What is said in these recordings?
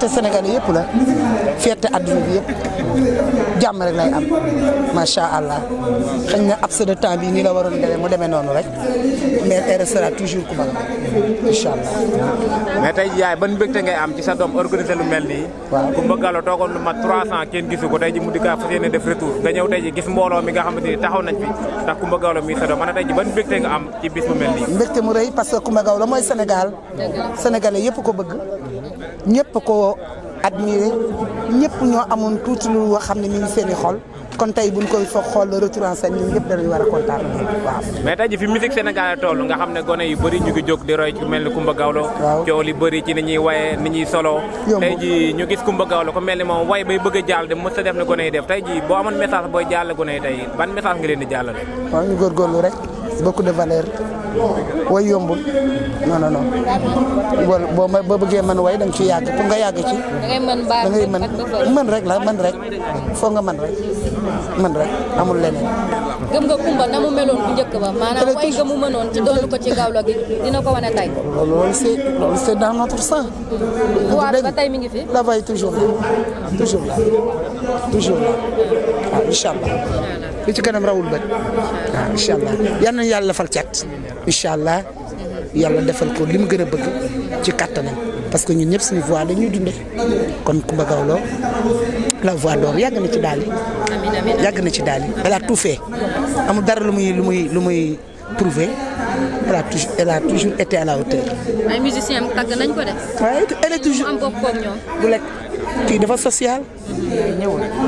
fierté Sénégal yëpp la fierté adduna bi yëpp rek lay am macha allah xëy na abse de temps bi ni la waroon demee mu demee noonu rek mais elle restera toujours ku mag incha allah. mais tey yaay ban mbégte ngay am ci sa doom organiser lu mel nii. waaw ku mbëggaloo lu mat 300 kenn gisu ko tey ji mu di kaa fas def retour nga ñëw tey ji gis mbooloo mi nga xamante ni taxaw nañ fi ndax ku mbëggaloo mi sa doom ana tey ji ban mbégte nga am ci bis mu m nii. mbégte mu rëy parce que ku mooy Sénégal. Sénégalais yëpp ko bëgg. ñëpp ko admiré ñëpp ñoo amoon tuuti lu xam ne mi ngi seen i xol kon tey buñ koy foog xool retour en scène ñun ñëpp danañ war a kontaan waaw. mais tey ji fi musique Sénégal toll nga xam ne gone yu bëri ñu ngi jóg di roy mel ni Kumba Gawlo. waaw coow li bëri ci ni ñuy waye ni ñuy solo. tey ji ñu gis Kumba Gawlo ko mel ni moom way bay bëgg a jàll de mës a def ne gone yi def tey ji boo amoon message booy jàll gone yi tey ban message nga leen di jàllale. waaw ñu góorgóorlu rek. beaucoup de valeur way yombul non non non wala boo ma boo bëggee mën way da nga ci yàgg pour nga yàgg ci. da man mën baax da rek la mën rek foo nga mën rek leneen. gëm nga Kumba na mu meloon bu ci doon ko ci gawlo gi dina ko wane tey. loolu c'est loolu la veille toujours toujours toujours là ah, li ci kanam rawul bët waaw incha yàlla defal cat incha allah yàlla defal ko li mu gën a bëgg ci kattanam parce que ñu ñëpp suñu voix la ñuy dundee kon Coumba Gawlo la voix d'or yàgg na ci daal yi yàgg na ci daal yi elle a tout fait amul dara lu muy lu muy lu muy prouvé elle a été à la hauteur. ay musiciens am bu lekk. kii dafa social.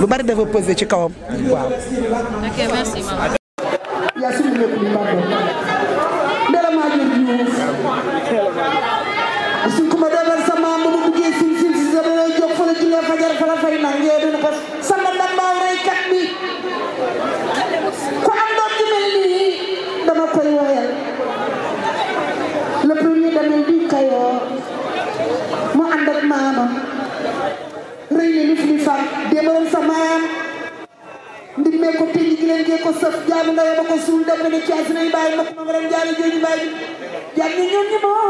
lu bari dafa pesé ci kawam waaw. ok merci maman. yaa suñu lépp lu baax leen sa maam ndimmee ko peñi gi leen gee ko sëf jaamu nga yema ko suul dem ne caasi nay bàyyi ma ko nga dem jaale jooju bàyyi jaab ne ñoom ñi moo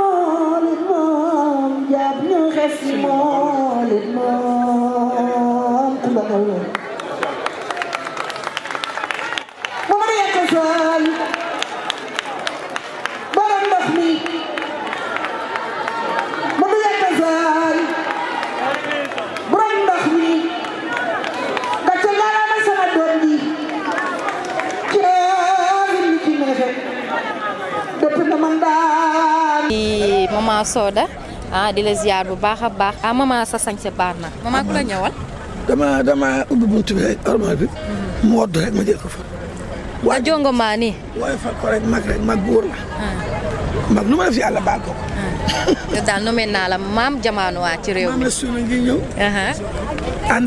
leen moom jaab ñu xes moom leen maman Soda ah di la ziar bu baax a baax ah maman sa sañse baax na. maman ku la ñëwal. dama dama ubbi buntu bi rek armoire bi. Mhm. mu wodd rek ma jël ko fa. waa jongo maa nii. waaye fal ko rek mag buur la. Ah. mag lu ma def si ko ko. Ah. daal nu naa la maam jamaanu waa ci réew mi. maam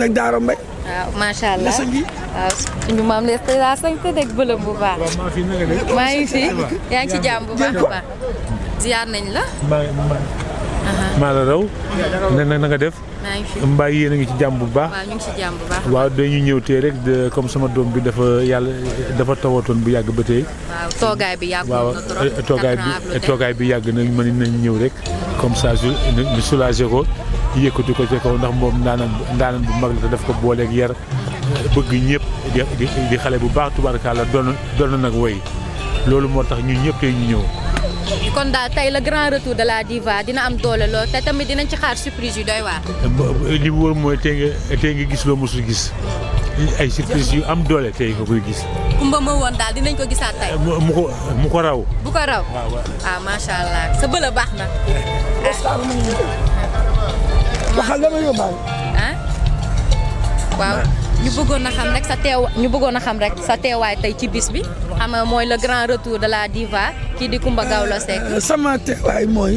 la waaw macha allah waaw suñu maam lees tey laa sant bëlëm bu baax. maa ngi fi yaa ngi ci jàmm bu baax a baax. la. maa la raw. def. maa ngi a ngi ci jàmm bu baax. waaw ñu dañu ñëw tey rek comme sama doom bi dafa yàlla dafa tawatoon bu yàgg ba tey. waaw toogaay bi yàgg na trop. toogaay bi toogaay bi yàgg na mën nañ ñëw rek. comme ça ñu soulager ko. yëkkati ko ci kaw ndax moom ndaanan bu mag la te daf ko booleeg yar bëgg ñëpp di di xale bu baax tubaarkàlla doon doon nag woy loolu moo tax ñun ñëpp tey ñu ñëw. kon daal tey le grand retour de la diva dina am doole lool te tamit dinañ ci xaar surprise yu doy waar. li mu wër mooy tey nga tey nga gis loo mosul gis ay surprise yu am doole tey nga koy gis. kumba ma woon daal dinañ ko gisaat tey. mu ko mu ko raw. bu ko raw waaw ah, macha allah sa bëla baax na. waxal dama yóbbaale. ah waaw ñu bëggoon a xam rek sa ñu bëggoon a xam rek sa teewaay tey ci bis bi xam mooy le grand retour de la diva kii di Coumba Gawlo Seck. Euh, sama teewaay mooy.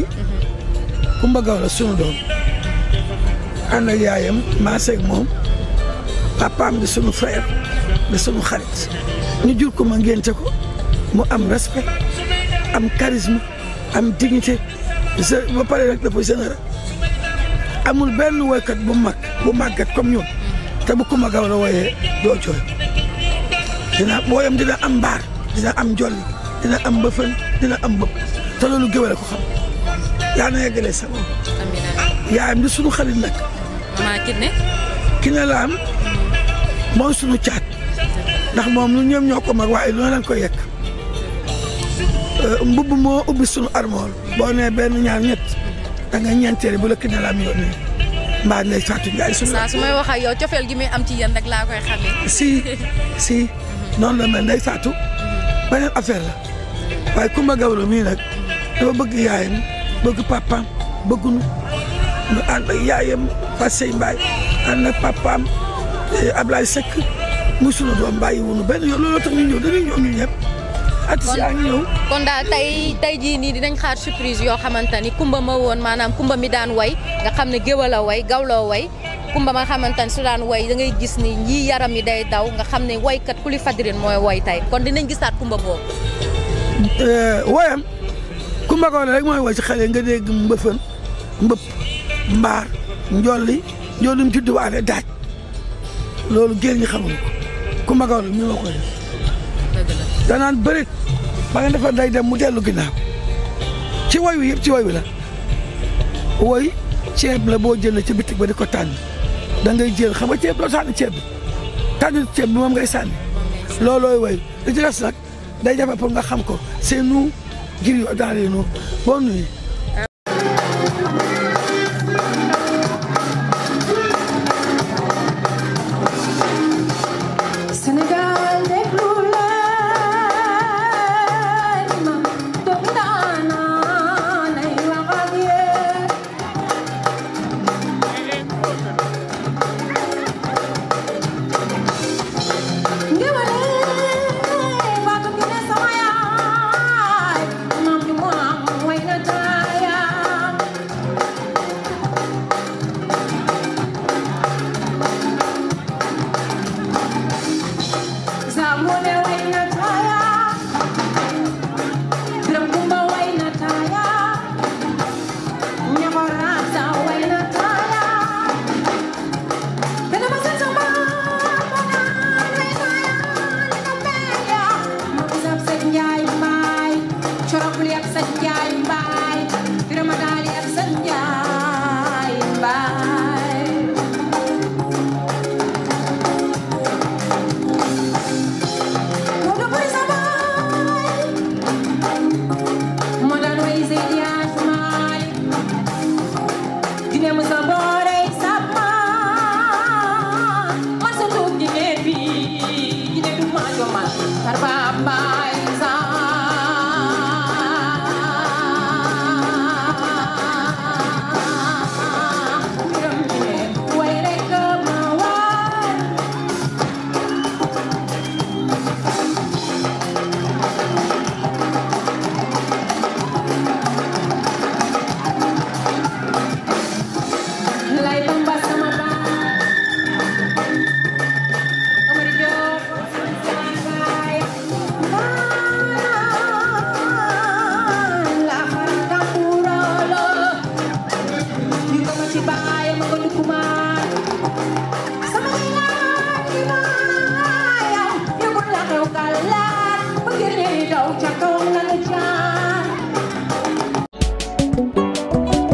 Coumba Gawlo sunu doom. ànd yaayam maase ak moom papaam di sunu frère di sunu xarit ñu jur ko ma ngénte ko mu am respect am charisme am dignité ba pare rek dafa généreux. amul benn woykat bu mag bu màggat comme ñun te bu Coumba Gawlo wooyee doo jooy dina booyam dina am mbaar dina am jolli dina am mbëfën dina am bëpp te loolu géwél ko xam yaa na yeggalee sa bopp yaayam di xarit nag ki ne la am mooy sunu caat ndax moom lu ñoom ñoo ko mag waaye lu ne lañ koy yekk euh, mbubb moo ubbi sunu armool boo nee benn ñaar ñett da ngay ñeenteel bu la kii ne la am yoon mbaa lay fàttali nga ay. su ma su cofeel gi muy am ci yéen rek laa koy xamee. si si noonu la mel nday saatu beneen affaire la waaye Kumba Gawlo mii nag dafa bëgg yaayam bëgg papaam bëgguñu ñu ànd ak yaayam Fatou Mbaye ànd ak papaam eh, Ablaye Seck muy sunu doom bàyyi wuñu benn yoon looloo tax ñu ñëw dañuy ñëw ñu artiste yaa ngi ñëw kon daal tey tey jii nii dinañ xaar surprise yoo xamante ni kumba ma woon maanaam kumba mi daan way nga xam ne géwal a way gawloo way kumba ma xamante ni su daan way da ngay gis ni ñii yaram yi day daw nga xam ne waykat ku li fadirin mooy woy tey kon dinañ gisaat kumba boobu eh, wayam kumba ko rek mooy way si xale nga dégg mbëfën mbëpp mbaar njolli njolli mu juddu waale daaj loolu géer ñi xamuñ kumba ko ne ñu ko danaan bërit ba nga defar day dem mu dellu ginnaaw ci woy wi yëpp ci woy wi la woy ceeb la boo jëlee ci bitig ba di ko tànn da ngay jël xam nga ceeb loo sànni ceeb bi tànn ceeb bi moom ngay sànni loolooy woy li ci nag day jafe pour nga xam ko seenu nous Griots dans les Rock League.